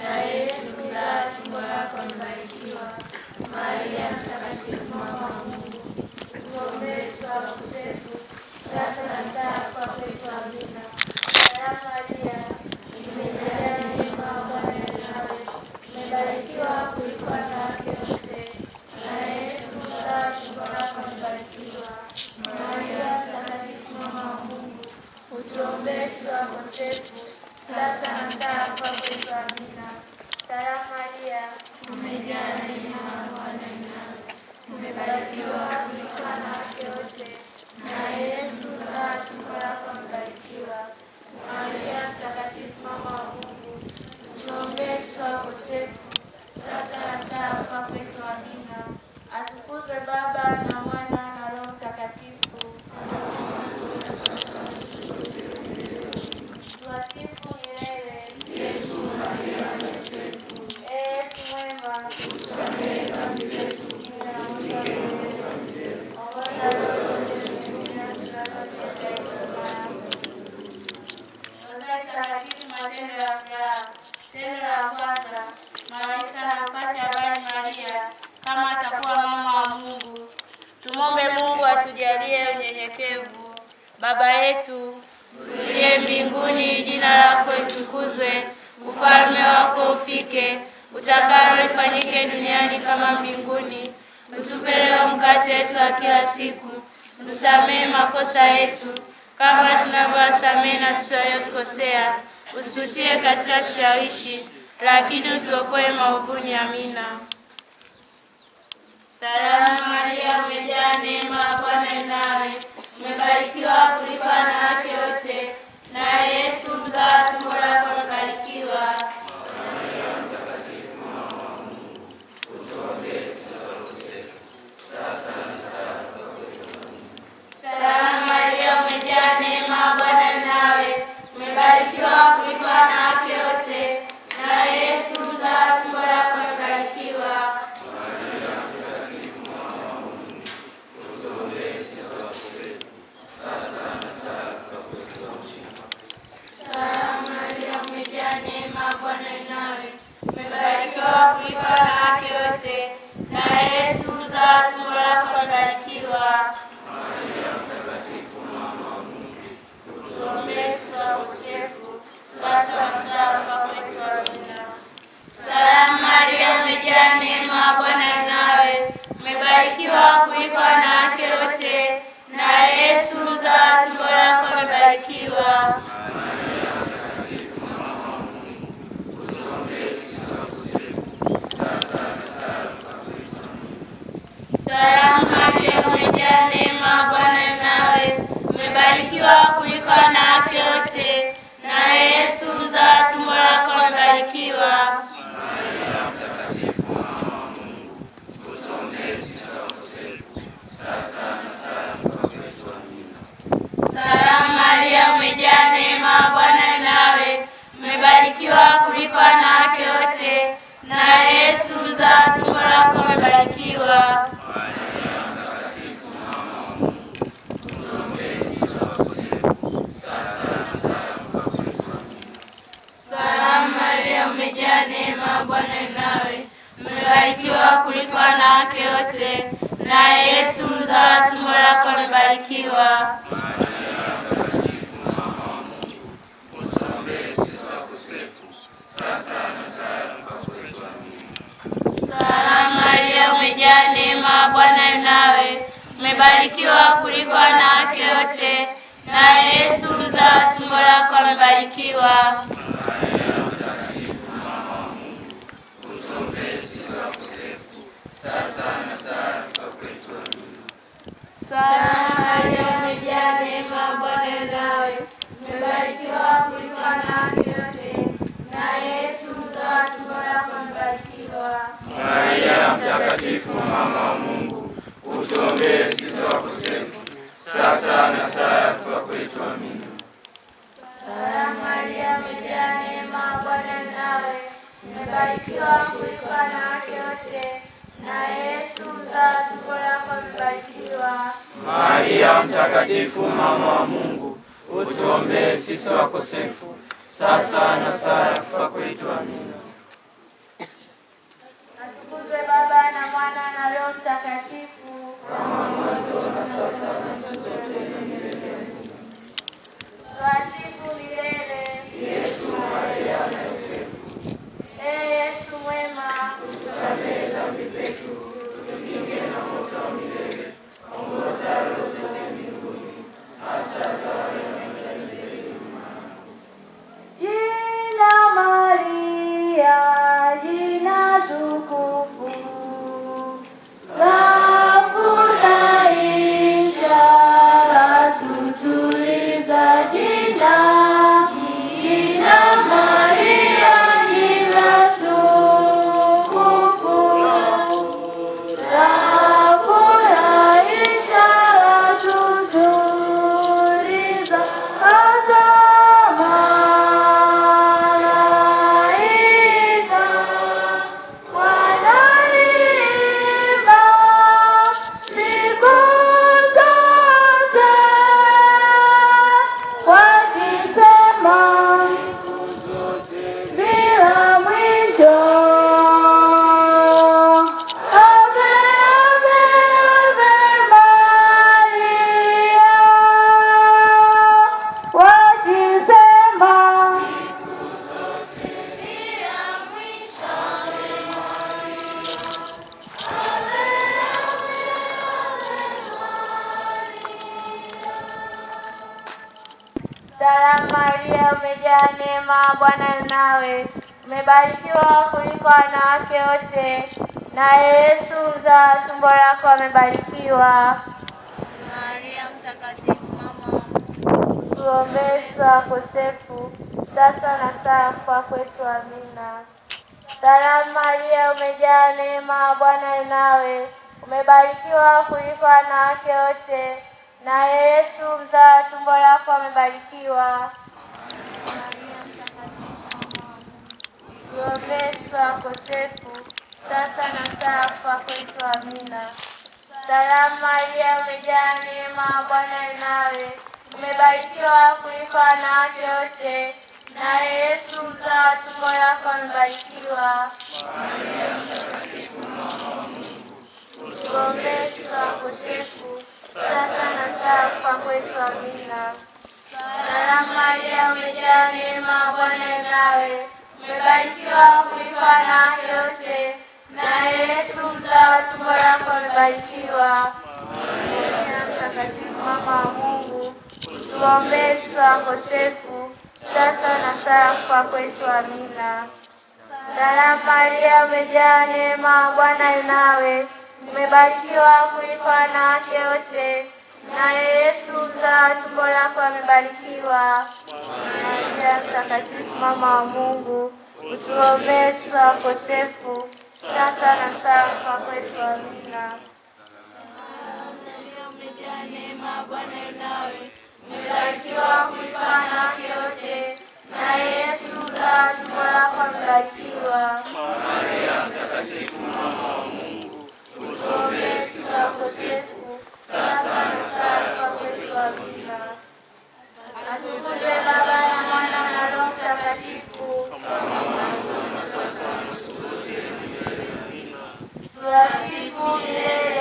na Yesu mzaa tumbo lako mbarikiwa. Maria mtakatifu mama wa Mungu, utuombee sisi wakosefu, sasa na saa ya kufa kwetu. Amina. Baba yetu uliye mbinguni, jina lako litukuzwe, ufalme wako ufike, utakalo lifanyike duniani kama mbinguni. Utupe leo mkate wetu wa kila siku, tusamehe makosa yetu kama tunavyowasamehe na sisi waliotukosea, usitutie katika kishawishi, lakini utuokoe maovuni. Amina. Salamu Maria, umejaa neema, Bwana nawe Mmebarikiwa kuliko wanawake wote yake wote, naye Yesu mzao wa tumbo lako amebarikiwa. umejaa neema, Bwana nawe umebarikiwa kuliko wanawake wote, naye Yesu mzao wa tumbo lako amebarikiwa. sasa na saa ya kufa kwetu. Amina. Umejaa neema, Bwana nawe, umebarikiwa kuliko wanawake wote, na Yesu mzao wa tumbo lako amebarikiwa. Maria Mtakatifu, mama wa Mungu, utuombee sisi wakosefu, sasa na saa ya kufa kwetu. Amina. Salamu Maria, umejaa neema, Bwana nawe, umebarikiwa kuliko wanawake wote na Yesu Maria mtakatifu, mama wa Mungu, utuombee sisi wakosefu, sasa na saa ya kufa kwetu. Amina. mwema, Bwana nawe, umebarikiwa kuliko wanawake wote, na Yesu mzao wa tumbo lako amebarikiwa. Maria Mtakatifu, mama tuombee sisi wakosefu, sasa na saa ya kufa kwetu. Amina. Salamu Maria, umejaa neema, Bwana nawe, umebarikiwa kuliko wanawake wote, naye Yesu mzao wa tumbo lako amebarikiwa. tuombee sisi wakosefu sasa na saa kufa kwetu. Amina. Salamu Maria, umejaa neema, Bwana nawe umebarikiwa kuliko wanawake wote, naye Yesu mzao wa tumbo lako amebarikiwa. Maria Mtakatifu, mama wa Mungu, tuombee sisi wakosefu sasa na saa kufa kwetu. Amina. Salamu Maria, umejaa neema, Bwana nawe Umebarikiwa kuliko wanawake wote, na Yesu mzao wa tumbo lako amebarikiwa. Mtakatifu mama wa Mungu, utuombee sisi wakosefu, sasa na saa ya kufa kwetu. Amina. Salamu Maria, umejaa neema, Bwana yu nawe, umebarikiwa kuliko wanawake wote naye Yesu mzao wa tumbo lako amebarikiwa. Maria Mtakatifu, mama wa Mungu, utuombee sisi wakosefu, sasa na saa kufa kwetu. Amina. Umejaa neema, Bwana yu nawe, umebarikiwa kuliko wanawake wote, naye Yesu mzao wa tumbo lako amebarikiwa. Maria Mtakatifu, mama wa Mungu, utuombee sisi wakosefu Mtutube Baba